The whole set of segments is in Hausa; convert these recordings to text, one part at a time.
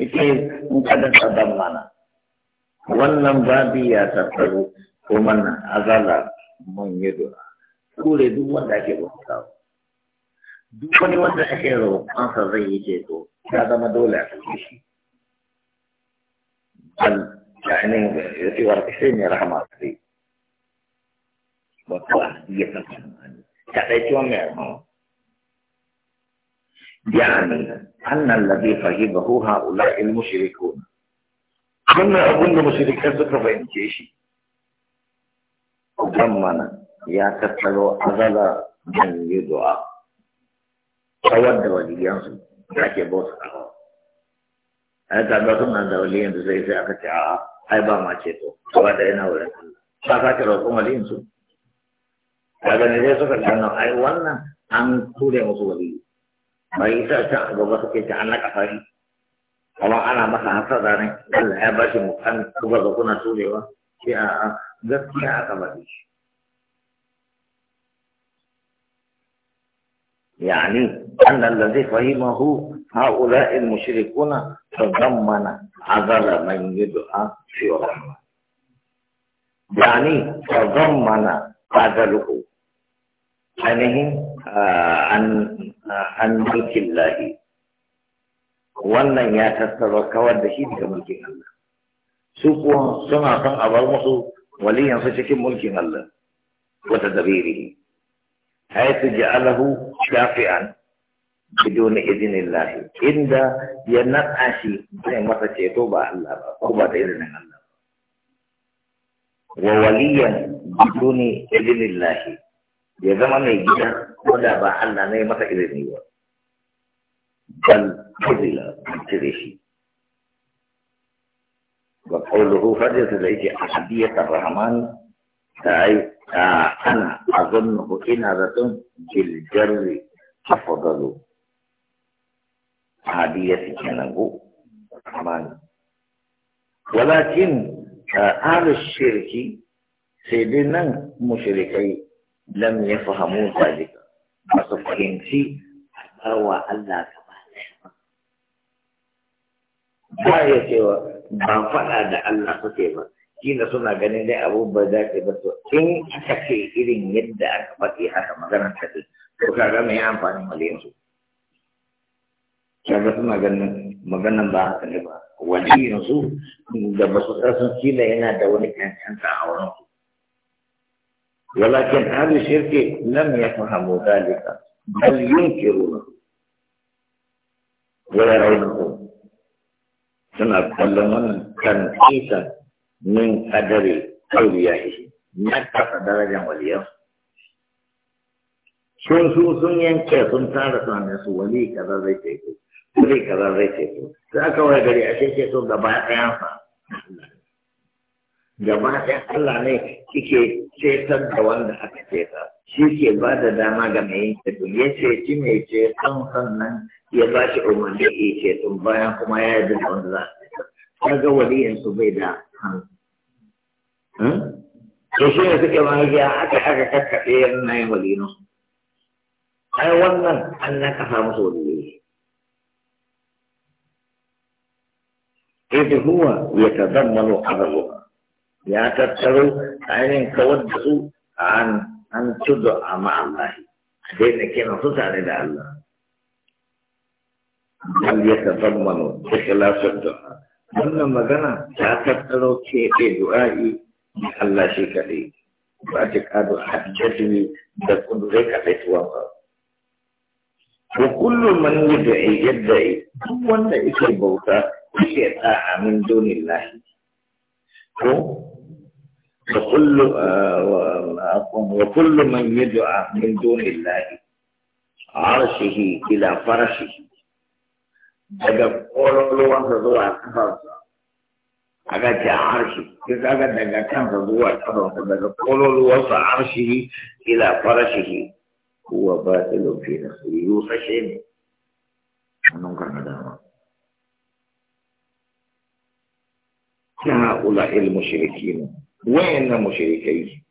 yake kada sadan mana wannan babi ya tattaro ko mana azala mun yi dora kure duk wanda ake bauta duk wani wanda ake roƙonsa zai yi to ya zama dole a kashe shi bal ya ce warke kashe ne rahama sai wato ya san kadai ciwon mai rahama yani annan labi fahi ba hu haula ilmu shiriku wannan abin da mushrikai suka fahimce shi ban mana ya tattaro azala man yi du'a kawar da waliyansu da ke bautu a hau a yi tabbatar suna da waliyan da zai sai aka ce ai ba ma ceto kawar da yana wurin ba ka ce roƙon waliyansu ya gani zai suka ce ai wannan an ture musu waliyu bai sa can a gaba suke ta an na kafari amma ana masa hasada ne Allah ya bashi mu kan kuba ga kuna turewa sai a gaskiya aka bari shi يعني أن الذي فهمه هؤلاء المشركون تضمن عذر من يدعى في رحمة يعني تضمن عذره ainihin ah, ah, an mulkin lahi wannan ya tattara kawar da shi daga mulkin Allah su kuwa suna son a bar musu waliyansu cikin mulkin Allah wata dabiri haitu ja'alahu shafi'an bidon izinin lahi inda ya naɗa shi zai masa ceto ba Allah ba ko ba da izinin Allah wa waliyan bidon izinin ya zama mai gida ko da ba Allah ne masa izini ba bal fadila cire shi wa qawluhu fadila da yake ahadiyatar rahman ta yi ana azunnuhu ina zaton jiljarri afdalu ahadiyati kenan ko rahman walakin eh, ahlu shirki sai dai nan mushrikai lam fahamu zalika ba su fahimci wa Allah gaba ba ya cewa ba faɗa da Allah suke ba kila suna ganin dai abu ba za ka ba to in aka ce irin yadda aka faɗi haka magana ta ce to kaga mai amfani malayin su kaga suna ganin maganan ba haka ne ba wani yanzu da ba su san kila yana da wani cancanta a wurin ولكن أهل الشرك لم يفهموا ذلك بل ينكرونه ويرونه سنة كلمنا تنقيسا من قدر أوليائه نكت درجة وليا sun su sun yanke sun tara sanin su wani kaza zai Su wali kaza zai Su sai aka wai gari a ce ceto gaba ɗayansa Gama ɗayan Allah ne kike cetar da wanda aka ceta shi ke ba da dama ga mai ceto ya ceci mai ceton sannan ya ba shi umarni ya ceton bayan kuma ya yi da wanda za a ta ga waliyan su bai da hannu hmm? to shi ne suke magiya aka aka kakkaɓe yan yin walinu ai wannan an na kafa musu waliyai إذ هو يتضمن عملها ya tattaro ainihin kawar da su an an tudu a ma'allahi a daina kiran su tare da Allah Dan ya lafiyar da du'a wannan magana ta tattaro keɓe du'a'i da Allah shi kaɗai ba ta ƙado jirgin da kudu zai kaɗai tuwa ba Ko kullum man yadda'i yi, duk wanda yake bauta yake amin min lahi. ko وكل وكل من يدعى من دون الله عرشه إلى فرشه daga ƙwararruwansa zuwa ƙafarsa aka ce arshi sai kaga daga kansa zuwa ƙafarsa daga ƙwararruwansa arshihi ila farashihi huwa batilun fi nafsihi yusashe ne hannun ka na dama ta haƙula ilmu shirki ne wayannan mushrikai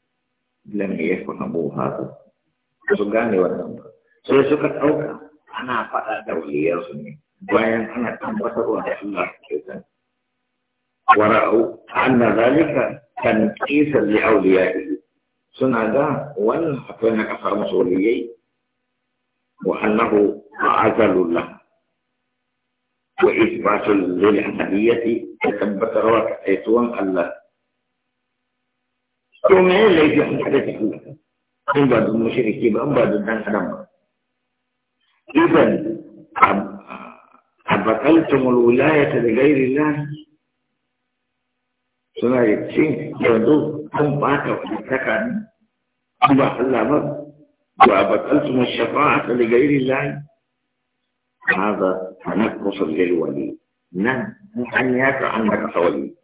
lam yafhamu hada su gane wannan ba sai suka dauka ana faɗa da waliyar su ne bayan ana tabbatarwa da Allah ke san wara'u anna zalika tanqisan li awliya'ihi suna ga wannan akwai na kafar musu waliyai wa annahu ma'azalullah wa isbatul lil hadiyyati tabbatarwa kaituwan Allah تومي ليجي حدثك من بعض المشركين من بعض الدنسلام إذن أبطلتم الولاية لغير الله سنعي ان يوضو هم باكا وليتكا أبا حلابا وأبطلتم الشفاعة لغير الله هذا تنقص الجلولي نعم أن يكون عندك صوليك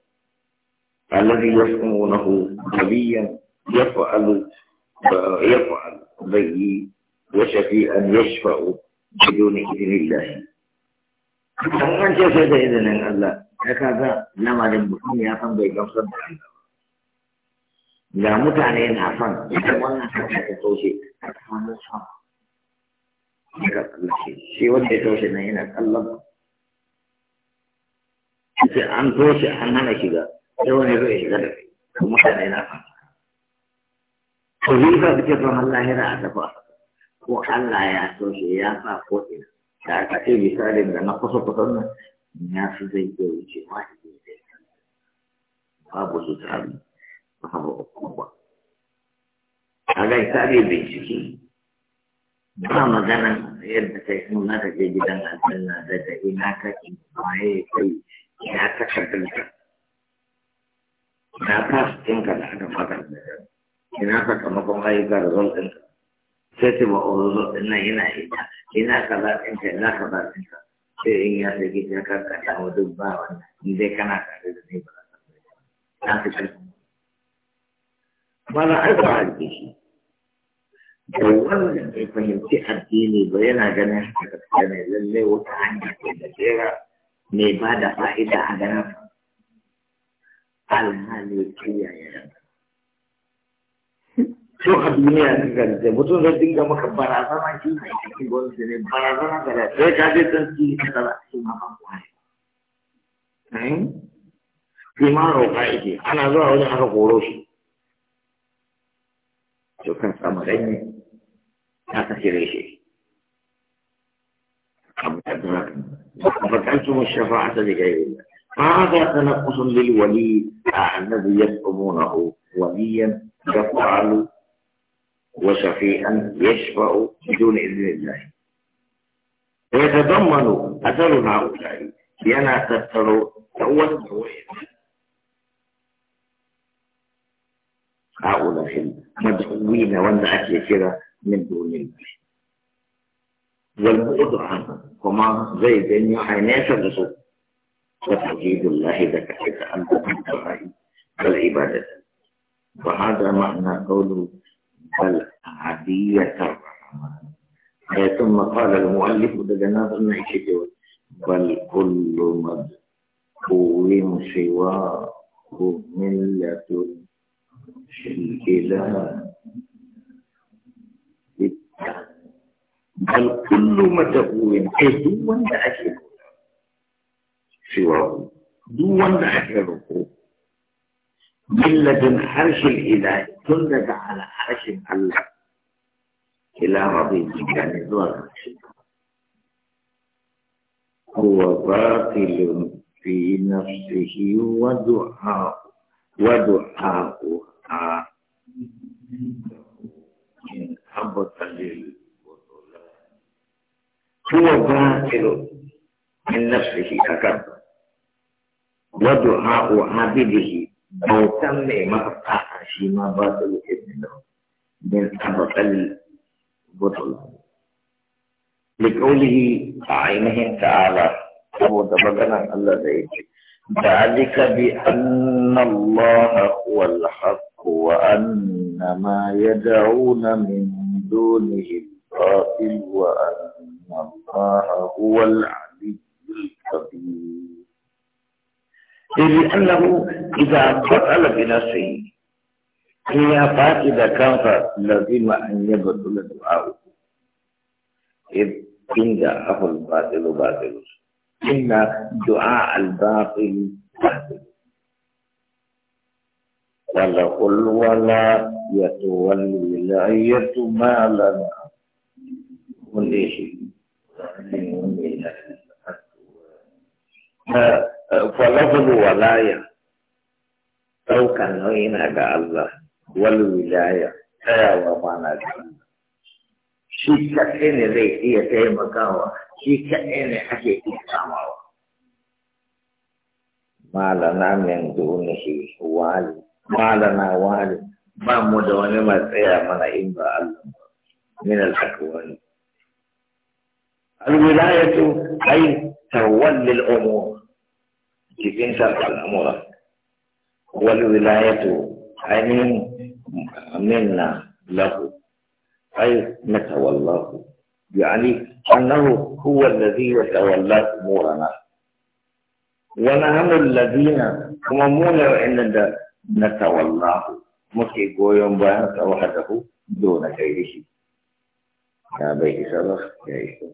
الذي يسمونه نبيا يفعل يفعل به وشفيء يشفع بدون إذن الله فمن جسد إذن الله هكذا نعم لما لمسلم يفهم بيت مصدر لا موت علينا فن وانا حتى توشي حتى مصح شيء ودي توشي نينك الله أنت أن توشي أنا نشيدا yau ne zai shiga da kai kuma mutane na fata to yi ba suke son Allah yana a dafa ko Allah ya so shi ya sa ko ina da aka misalin da na kusa kusan nan ya su zai iya wuce ma da zai babu su tsari babu kuma kaga tsari bincike ba magana yadda kai in na tafi gidan aljanna da ina kake waye kai ya takardar na kas ɗinka da aka maka ina sakamakon ayyuka da zon ɗinka sai ce ba ozo ɗin nan yana ina ina kaza ɗinka ina kaza ɗinka sai in ya sai gida ka ka dawo duk ba wannan in dai kana tare da ni ba na fi ƙarfi mana aika a rike shi da wannan bai fahimci addini ba yana ganin haka da ne lallai wata hanya ce da jera mai ba da fa'ida a ganin zai kiyaye ranka a duniya ka ganta mutum zai dinga maka barazana shi ne cikin gwamnati ne barazana ka da sai ka je can cikin kasa da ake maka kwari shi ma roƙa yake ana zuwa wajen aka koro shi to kan samu ɗanye aka cire shi abu da dura هذا تنقص للولي الذي يزعمونه وليا يفعل وشفيئا يشفع بدون اذن الله ويتضمن اثر هؤلاء لأنها تتر تول هؤلاء المدعوين والنعت كده من دون الله والبعد عنهم وما زي بين عينيه الرسول وتوحيد الله حيث أنت من الرأي والعبادة وهذا معنى قوله بل عادية الرحمن آية ثم قال المؤلف لجناب النعيشي بل كل مذكور سواه ملة الإله بل كل مدعو حزب وانت أكيد سواه duk wanda ake roƙo milladin harshen ila tun daga alharshen Allah ila rabin gane zuwa ƙarshe huwa batilun fi nafsihi wa du'a wa du'a'u a in abata lil huwa batilun min nafsihi akan ودعاء عبده أو تم ما أشي ما باطل ابنه من أبطل بطلان لقوله عينه تعالى هو دبقنا الله ذلك ذلك بأن الله هو الحق وأن ما يدعون من دونه الباطل وأن الله هو العلي الكبير لأنه إذا بطل بنفسه هي فائدة كانت لازم أن يبطل دعاؤه إذ إن جاءه الباطل باطل إن دعاء الباطل باطل ولا يتولي والولاية ما لنا وليه فلفظ ولاية أو كان نوعنا الله والولاية أيا ومانا shi kaɗai ne zai iya taimakawa shi kaɗai ne ake iya samawa malana min dunihi wali malana wali ba mu da wani matsaya mana in ba Allah min al-akwani al-wilayatu ay tawalli al-umur cikin al’amura. Wani wilayato, ainihin min na lahu, ai matawallahu, yani annahu huwa lazi wa tawallahu morana. Wani hannun lazina kuma munar inda da matawallahu muke goyon bayan tsawon dahu zo na kai rishi. Ya bai isa ba, ya isa.